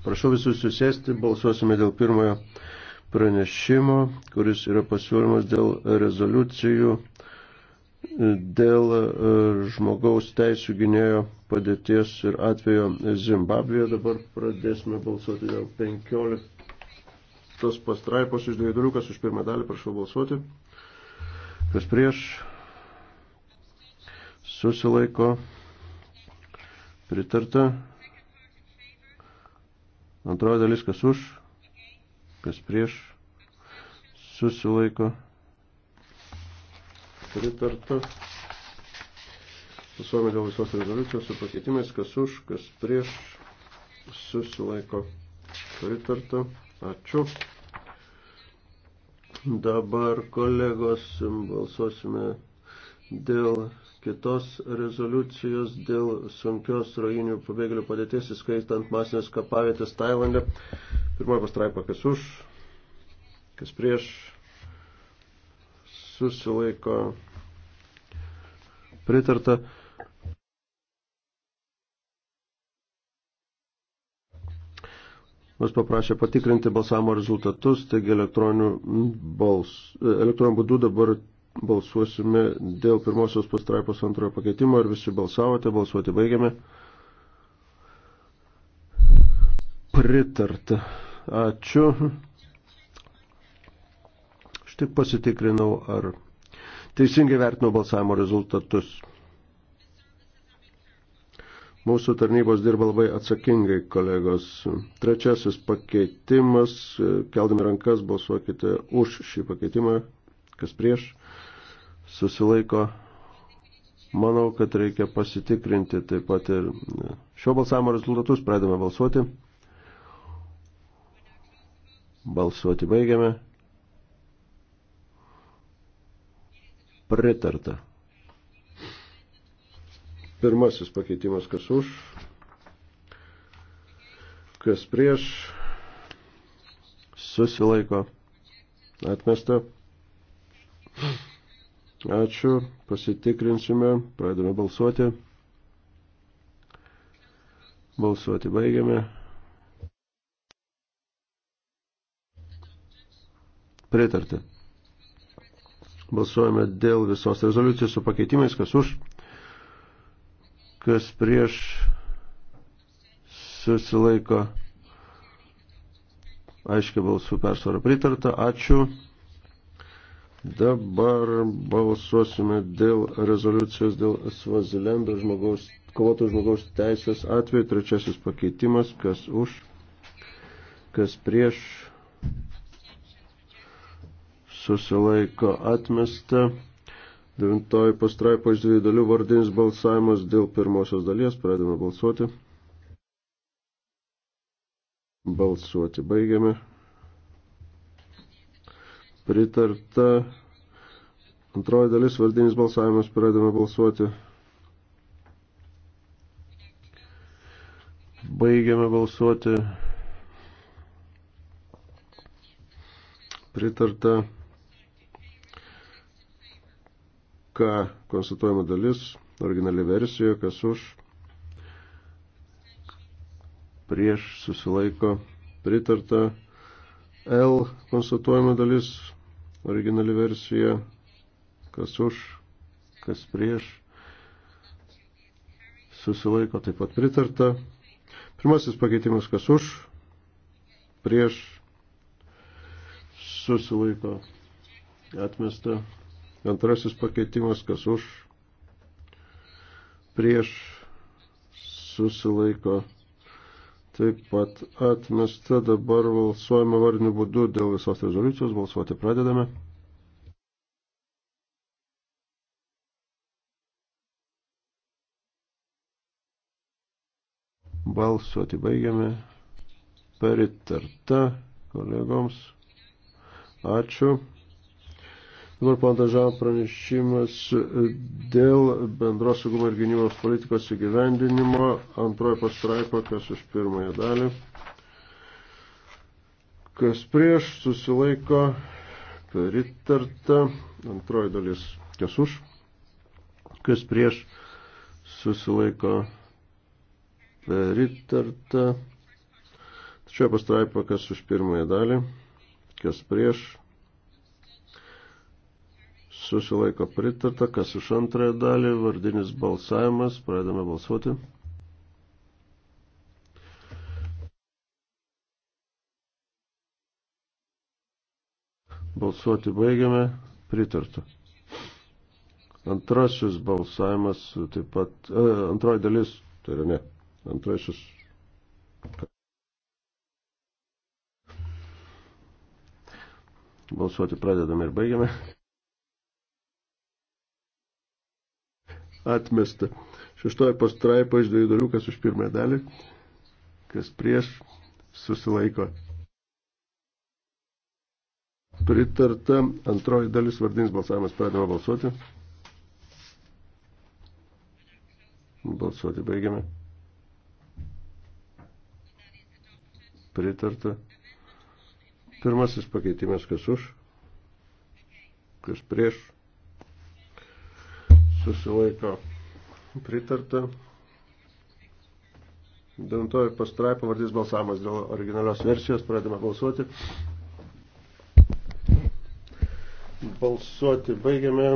Prašau visus susėsti, balsuosime dėl pirmojo pranešimo, kuris yra pasiūlymas dėl rezoliucijų, dėl e, žmogaus teisų gynėjo padėties ir atvejo Zimbabvėje. Dabar pradėsime balsuoti dėl 15 pastraipos iš dviejų dalių, kas už pirmą dalį, prašau balsuoti. Kas prieš susilaiko pritarta Antroji dalis, kas už, kas prieš, susilaiko. Pritarta. Pasuome dėl visos rezoliucijos su pakeitimais, kas už, kas prieš, susilaiko. Pritarta. Ačiū. Dabar, kolegos, balsuosime dėl kitos rezoliucijos dėl sunkios rojinių pabėgėlių padėties, įskaitant masinės kapavietės Tailande. Pirmoji pastraipa, kas už, kas prieš, susilaiko pritarta. Mus paprašė patikrinti balsavimo rezultatus, taigi elektroniniu, bals, elektroniniu būdu dabar balsuosime dėl pirmosios pastraipos antrojo pakeitimo. Ar visi balsavote? Balsuoti baigiame. Pritarta. Ačiū. Štai pasitikrinau, ar teisingai vertinau balsavimo rezultatus. Mūsų tarnybos dirba labai atsakingai, kolegos. Trečiasis pakeitimas, keldami rankas, balsuokite už šį pakeitimą, kas prieš susilaiko. Manau, kad reikia pasitikrinti taip pat ir šio balsavimo rezultatus. Pradame balsuoti. Balsuoti baigiame. Pritarta. Pirmasis pakeitimas, kas už, kas prieš, susilaiko, atmesta. Ačiū, pasitikrinsime, pradame balsuoti. Balsuoti baigiame. Pritarti. Balsuojame dėl visos rezoliucijos su pakeitimais, kas už, kas prieš susilaiko aiškiai balsų persvarą pritarta. Ačiū. Dabar balsuosime dėl rezoliucijos dėl Svazilendo žmogaus, kovotų žmogaus teisės atveju. Trečiasis pakeitimas, kas už, kas prieš, susilaiko atmesta. Devintoji pastraipo iš dviejų dalių vardinis balsavimas dėl pirmosios dalies. Pradėme balsuoti. Balsuoti baigiame pritarta. Antroji dalis vardinis balsavimas, pradame balsuoti. Baigiame balsuoti. Pritarta. Ką konstatuojama dalis, originali versija, kas už, prieš susilaiko, pritarta. L konstatuojama dalis, originali versija, kas už, kas prieš, susilaiko taip pat pritarta. Pirmasis pakeitimas, kas už, prieš, susilaiko atmesta. Antrasis pakeitimas, kas už, prieš, susilaiko atmesta taip pat atmesta. Dabar balsuojame varnių būdu dėl visos rezoliucijos. Balsuoti pradedame. Balsuoti baigiame. Peritarta kolegoms. Ačiū. Dabar pandažan pranešimas dėl bendros saugumo ir gynybos politikos įgyvendinimo. Antroji pastraipa, kas už pirmąją dalį. Kas prieš susilaiko pritarta. Antroji dalis, kas už. Kas prieš susilaiko pritarta. Trečioji pastraipa, kas už pirmąją dalį. Kas prieš susilaiko pritarta, kas už antrąją dalį, vardinis balsavimas, pradedame balsuoti. Balsuoti baigiame, pritarta. Antrasis balsavimas taip pat, e, antroji dalis, tai yra ne, antrasis. Balsuoti pradedame ir baigiame. atmesta. Šeštoji pastraipa iš dviejų dalių, kas už pirmąją dalį, kas prieš susilaiko. Pritarta antroji dalis vardinis balsavimas. Pradėjome balsuoti. Balsuoti baigiame. Pritarta. Pirmasis pakeitimas, kas už, kas prieš susilaiko pritarta. Devintoji pastraipa vardys balsavimas dėl originalios versijos, pradėme balsuoti. Balsuoti baigiame,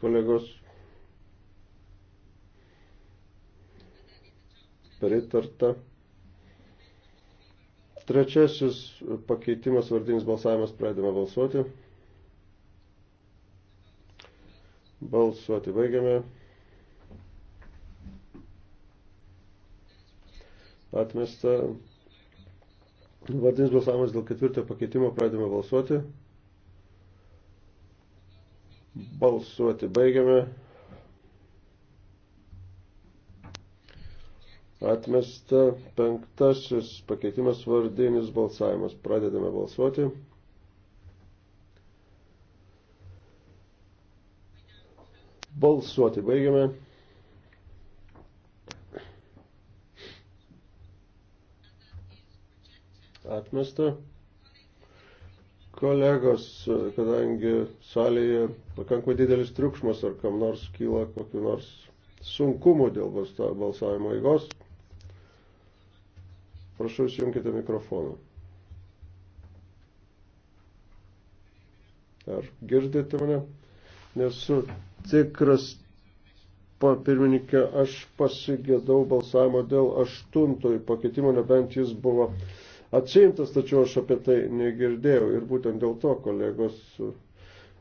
kolegos. Pritarta. Trečiasis pakeitimas vardinis balsavimas pradėme balsuoti. Balsuoti baigiame. Atmesta. Vardinis balsavimas dėl ketvirtojo pakeitimo pradėme balsuoti. Balsuoti baigiame. Atmesta penktasis pakeitimas vardinis balsavimas. Pradedame balsuoti. Balsuoti baigiame. Atmesta. Kolegos, kadangi salėje pakankamai didelis triukšmas ar kam nors kyla kokiu nors sunkumu dėl balsavimo eigos, prašau įsijunkite mikrofoną. Ar girdite mane? Nesu tikras, pirmininkė, aš pasigėdau balsavimo dėl aštuntojų pakeitimo, nebent jis buvo atsiimtas, tačiau aš apie tai negirdėjau ir būtent dėl to kolegos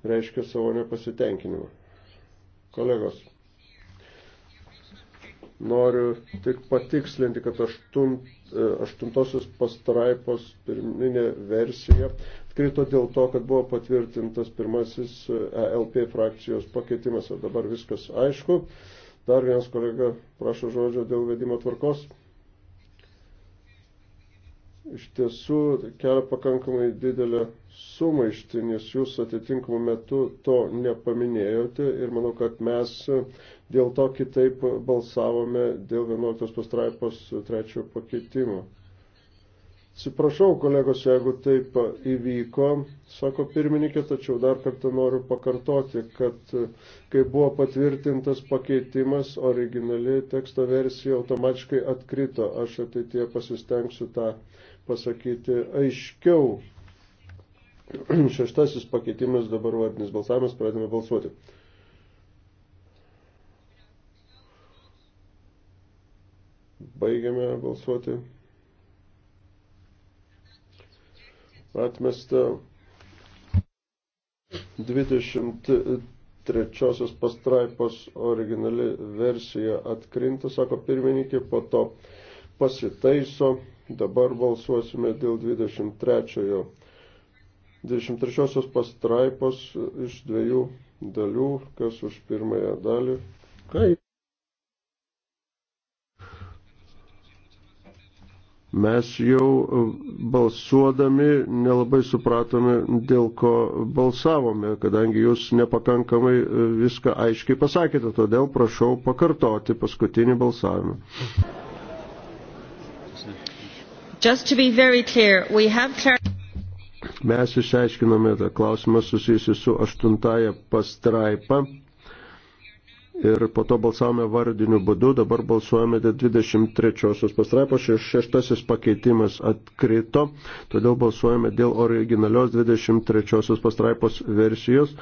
reiškia savo nepasitenkinimą. Kolegos, noriu tik patikslinti, kad aštunt, e, aštuntosios pastraipos pirminė versija krito dėl to, kad buvo patvirtintas pirmasis ELP e frakcijos pakeitimas, o dabar viskas aišku. Dar vienas kolega prašo žodžio dėl vedimo tvarkos. Iš tiesų tai kelia pakankamai didelę sumaištį, nes jūs atitinkamu metu to nepaminėjote ir manau, kad mes dėl to kitaip balsavome dėl 11 pastraipos trečiojo pakeitimo. Atsiprašau, kolegos, jeigu taip įvyko, sako pirmininkė, tačiau dar kartą noriu pakartoti, kad e, kai buvo patvirtintas pakeitimas, originali teksto versija automatiškai atkrito. Aš ateitie pasistengsiu tą pasakyti aiškiau. Šeštasis pakeitimas dabar vardinis balsavimas, pradėme balsuoti. Baigiame balsuoti. atmesta 23 pastraipos originali versija atkrinta, sako pirmininkė, po to pasitaiso. Dabar balsuosime dėl 23. 23 pastraipos iš dviejų dalių, kas už pirmąją dalį. Kaip? Mes jau e, balsuodami nelabai supratome, dėl ko balsavome, kadangi jūs nepakankamai e, viską aiškiai pasakėte, todėl prašau pakartoti paskutinį balsavimą. Just to be very clear, we have clar Mes išaiškinome tą klausimą susijusi su aštuntąją pastraipą ir po to balsavome vardiniu būdu, dabar balsuojame dėl 23 pastraipos, šeštasis pakeitimas atkrito, todėl balsuojame dėl originalios 23 pastraipos versijos,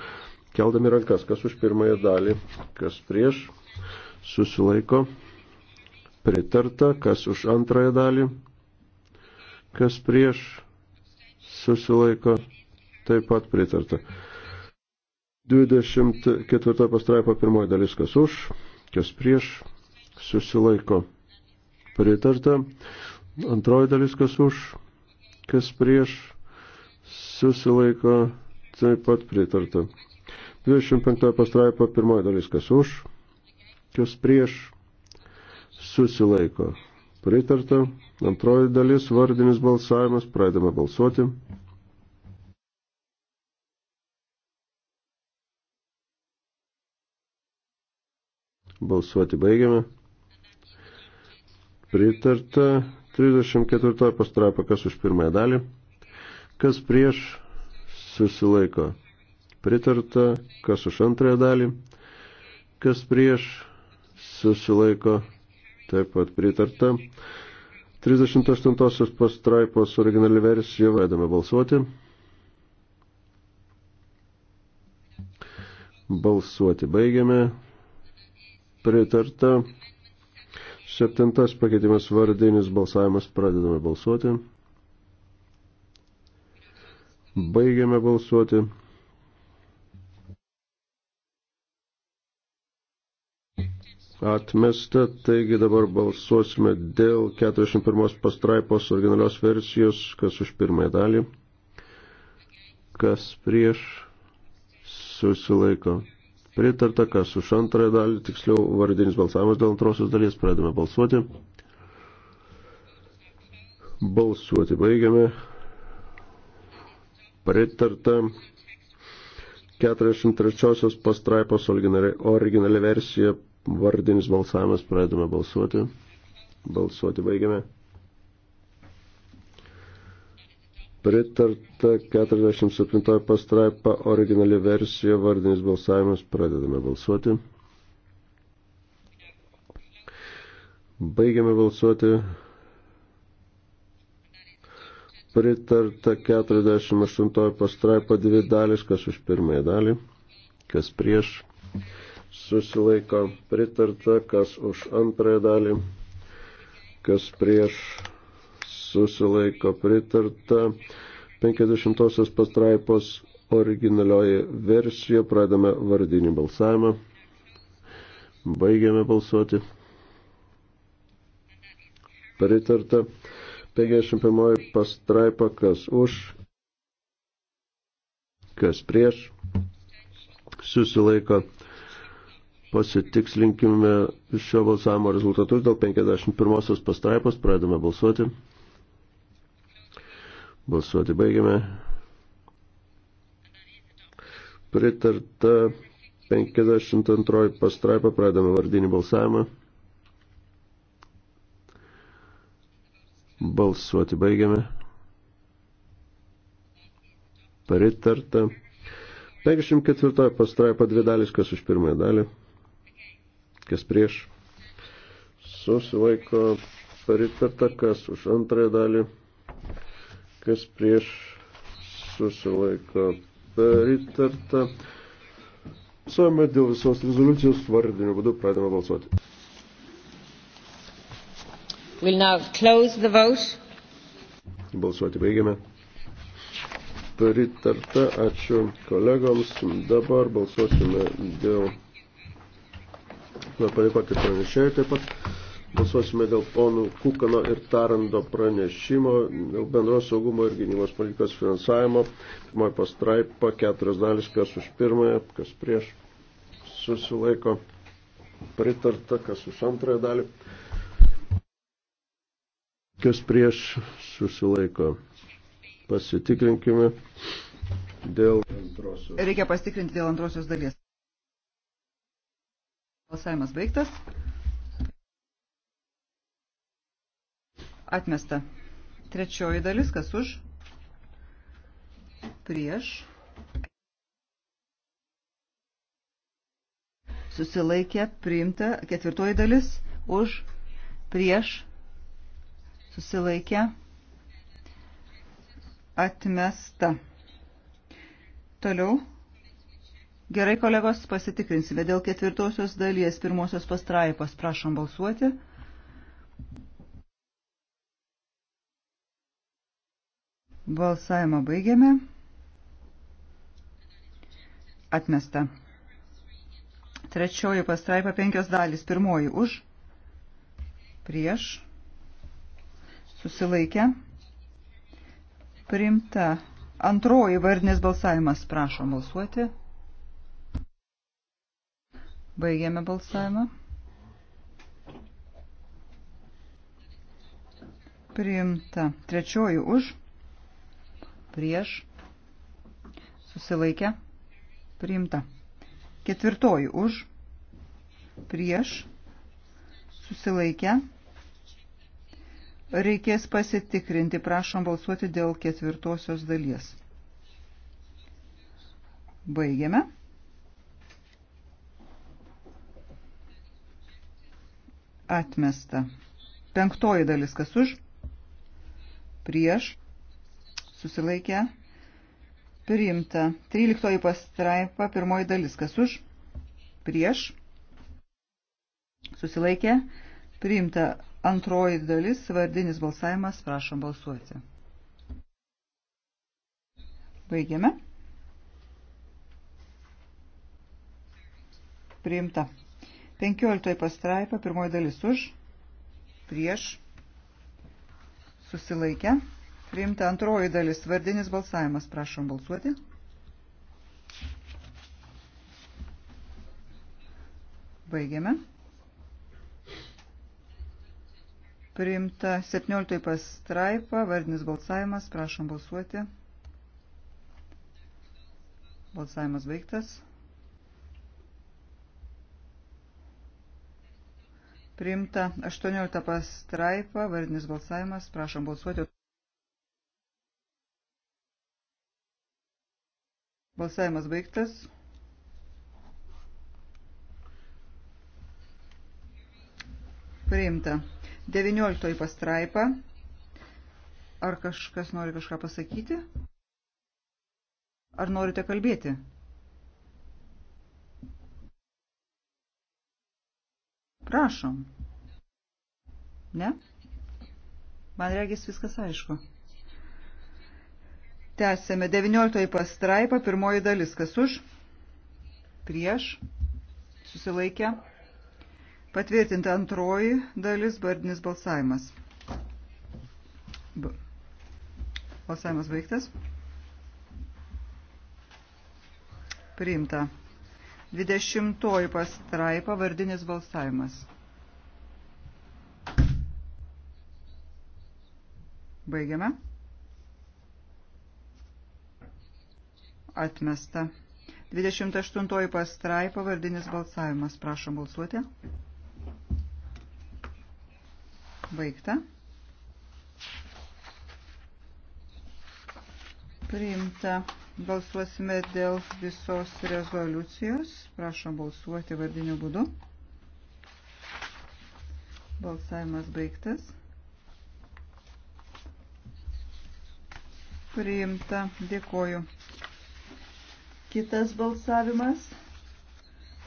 keldami rankas, kas už pirmąją dalį, kas prieš, susilaiko, pritarta, kas už antrąją dalį, kas prieš, susilaiko, taip pat pritarta. 24 pastraipo pirmoji dalis, kas už, kas prieš, susilaiko pritarta. Antroji dalis, kas už, kas prieš, susilaiko taip pat pritarta. 25 pastraipo pirmoji dalis, kas už, kas prieš, susilaiko pritarta. Antroji dalis, vardinis balsavimas, pradedame balsuoti. Balsuoti baigiame. Pritarta 34 pastrapa, kas už pirmąją dalį, kas prieš susilaiko. Pritarta, kas už antrąją dalį, kas prieš susilaiko. Taip pat pritarta. 38 pastraipos originali versija, vaidame balsuoti. Balsuoti baigiame pritarta. Septintas pakeitimas vardinis balsavimas. Pradedame balsuoti. Baigiame balsuoti. Atmesta, taigi dabar balsuosime dėl 41 pastraipos originalios versijos, kas už pirmąją dalį, kas prieš susilaiko pritarta, kas už antrąją dalį, tiksliau vardinis balsavimas dėl antrosios dalies, pradame balsuoti. Balsuoti baigiame. Pritarta 43 pastraipos originali, originali versija, vardinis balsavimas, pradame balsuoti. Balsuoti baigiame. pritarta 47 pastraipa originali versija, vardinis balsavimas, pradedame balsuoti. Baigiame balsuoti. Pritarta 48 pastraipa dvi dalis, kas už pirmąją dalį, kas prieš. Susilaiko pritarta, kas už antrąją dalį, kas prieš susilaiko pritarta. 50 pastraipos originalioji versija. Pradame vardinį balsavimą. Baigiame balsuoti. Pritarta. 51 pastraipa, kas už, kas prieš. Susilaiko. Pasitikslinkime šio balsavimo rezultatus dėl 51 pastraipos. Pradame balsuoti. Balsuoti baigiame. Pritarta 52 pastraipa, pradame vardinį balsavimą. Balsuoti baigiame. Pritarta. 54 pastraipa dvi dalis, kas už pirmąją dalį, kas prieš. Susilaiko pritarta, kas už antrąją dalį kas prieš susilaiko pritarta. Suome dėl visos rezoliucijos vardinių būdų pradėme balsuoti. We'll now close the vote. Balsuoti baigiame. Pritarta, ačiū kolegoms. Dabar balsuosime dėl. Na, padėkoti pranešėjai taip pat. Balsuosime dėl ponų Kukano ir Tarando pranešimo, dėl bendros saugumo ir gynybos politikos finansavimo. Pirmoji pastraipa, keturios dalis, kas už pirmąją, kas prieš susilaiko pritarta, kas už antrąją dalį, kas prieš susilaiko. Pasitikrinkime dėl antrosios. Reikia pasitikrinti dėl antrosios dalies. Balsavimas baigtas. Atmesta. Trečioji dalis, kas už? Prieš. Susilaikė, priimta. Ketvirtoji dalis, už, prieš. Susilaikė. Atmesta. Toliau. Gerai, kolegos, pasitikrinsime dėl ketvirtosios dalies pirmosios pastraipos. Prašom balsuoti. Balsavimą baigiame. Atmesta. Trečioji pastraipa penkios dalys. Pirmoji už. Prieš. Susilaikę. Priimta. Antroji vardinės balsavimas. Prašom balsuoti. Baigėme balsavimą. Priimta. Trečioji už prieš, susilaikę, priimta. Ketvirtoji už, prieš, susilaikę. Reikės pasitikrinti, prašom balsuoti dėl ketvirtosios dalies. Baigiame. Atmesta. Penktoji dalis kas už? Prieš susilaikę, priimta. 13 pastraipa, pirmoji dalis, kas už, prieš, susilaikę, priimta. Antroji dalis, vardinis balsavimas, prašom balsuoti. Baigiame. Priimta. 15 pastraipa, pirmoji dalis už, prieš, susilaikę, priimta antroji dalis. Vardinis balsavimas. Prašom balsuoti. Baigiame. Priimta 17 pastraipa. Vardinis balsavimas. Prašom balsuoti. Balsavimas baigtas. Priimta 18 pastraipa, vardinis balsavimas, prašom balsuoti. Balsavimas baigtas. Priimta. 19 pastraipa. Ar kažkas nori kažką pasakyti? Ar norite kalbėti? Prašom. Ne? Man regis viskas aišku. Tęsėme 19 pastraipą, pirmoji dalis. Kas už? Prieš. Susilaikę. Patvirtinta antroji dalis, vardinis balsavimas. Balsavimas baigtas. Priimta. 20 pastraipa vardinis balsavimas. Baigiame. atmesta. 28 pastraipa vardinis balsavimas. Prašom balsuoti. Baigta. Priimta. Balsuosime dėl visos rezoliucijos. Prašom balsuoti vardiniu būdu. Balsavimas baigtas. Priimta. Dėkoju. Kitas balsavimas.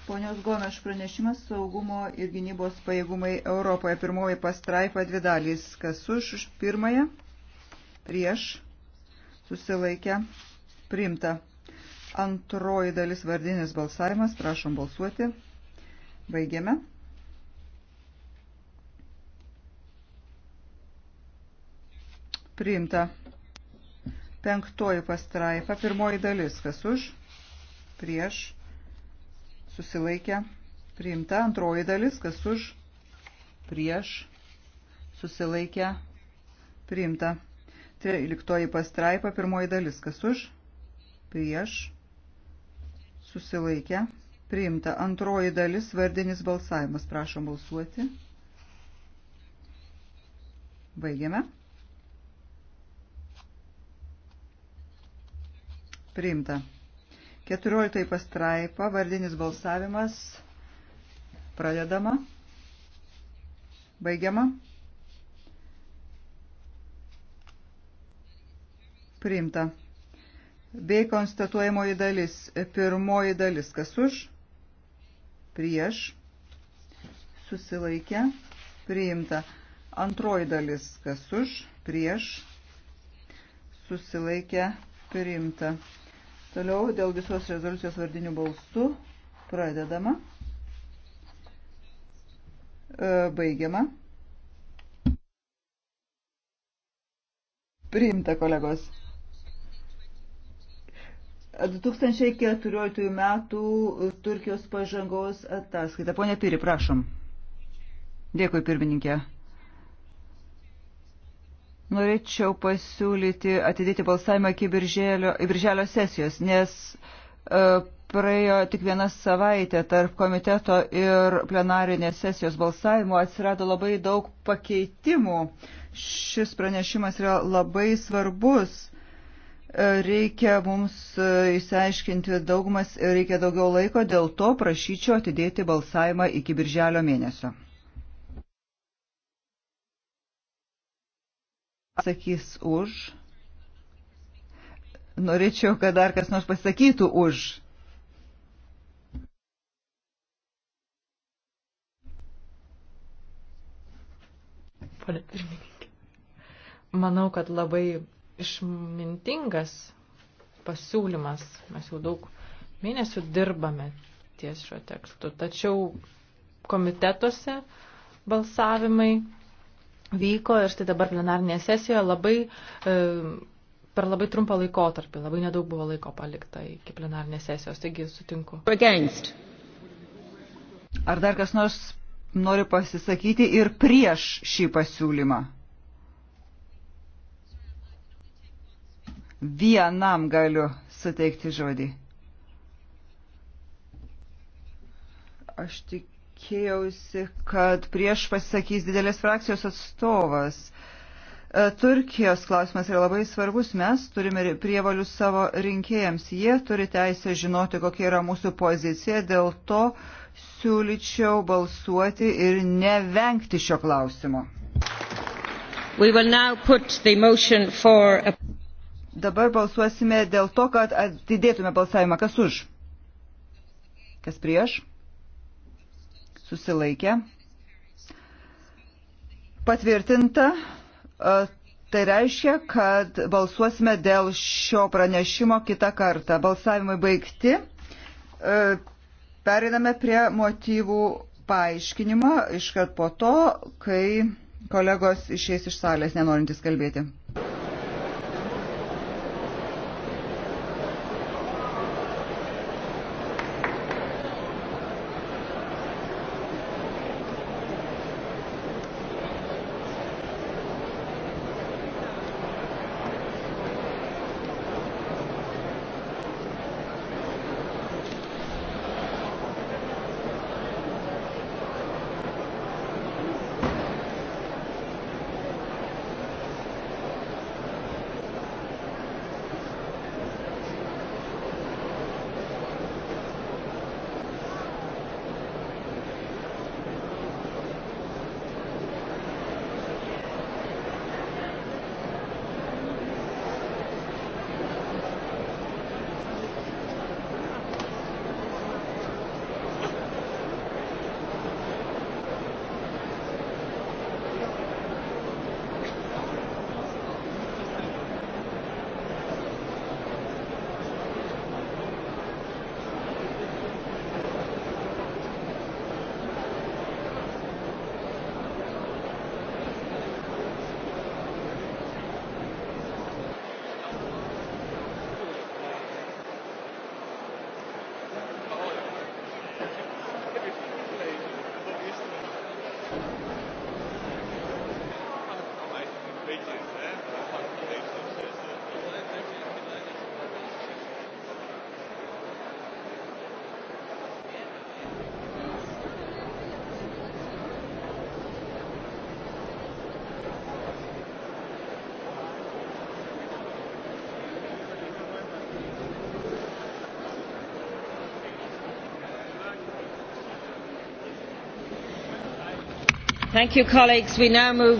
Ponios Gomeš pranešimas saugumo ir gynybos pajėgumai Europoje. Pirmoji pastraipa dvi dalys. Kas už, už pirmąją, prieš, susilaikę, priimta. Antroji dalis vardinis balsavimas. Prašom balsuoti. Baigiame. Priimta. Penktoji pastraipa. Pirmoji dalis. Kas už? prieš, susilaikę, priimta. Antroji dalis, kas už, prieš, susilaikę, priimta. Tryliktoji pastraipa, pirmoji dalis, kas už, prieš, susilaikę, priimta. Antroji dalis, vardinis balsavimas, prašom balsuoti. Baigiame. Priimta. 14 pastraipa, vardinis balsavimas. Pradedama. Baigiama. Priimta. Bei konstatuojamoji dalis. Pirmoji dalis. Kas už? Prieš. Susilaikę. Priimta. Antroji dalis. Kas už? Prieš. Susilaikę. Priimta. Toliau dėl visos rezoliucijos vardinių balsų pradedama. E, baigiama. Priimta, kolegos. 2014 metų Turkijos pažangos ataskaita. Pone Piri, prašom. Dėkui, pirmininkė. Norėčiau pasiūlyti atidėti balsavimą iki birželio, birželio sesijos, nes e, praėjo tik viena savaitė tarp komiteto ir plenarinės sesijos balsavimo, atsirado labai daug pakeitimų. Šis pranešimas yra labai svarbus. E, reikia mums įsiaiškinti e, daugumas ir reikia daugiau laiko, dėl to prašyčiau atidėti balsavimą iki birželio mėnesio. Sakys už. Norėčiau, kad dar kas nors pasakytų už. Pone pirmininkė. Manau, kad labai išmintingas pasiūlymas. Mes jau daug mėnesių dirbame ties šio tekstu. Tačiau komitetuose balsavimai vyko ir štai dabar plenarnėje sesijoje labai, e, per labai trumpą laikotarpį, labai nedaug buvo laiko palikta iki plenarnės sesijos, taigi sutinku. Against. Ar dar kas nors nori pasisakyti ir prieš šį pasiūlymą? Vienam galiu suteikti žodį. Aš tik tikėjausi, kad prieš pasisakys didelės frakcijos atstovas. E, Turkijos klausimas yra labai svarbus. Mes turime prievalius savo rinkėjams. Jie turi teisę žinoti, kokia yra mūsų pozicija. Dėl to siūlyčiau balsuoti ir nevengti šio klausimo. A... Dabar balsuosime dėl to, kad atidėtume balsavimą. Kas už? Kas prieš? susilaikė. Patvirtinta. E, tai reiškia, kad balsuosime dėl šio pranešimo kitą kartą. Balsavimai baigti. E, Periname prie motyvų paaiškinimo iškart po to, kai kolegos išės iš salės nenorintis kalbėti. You, move...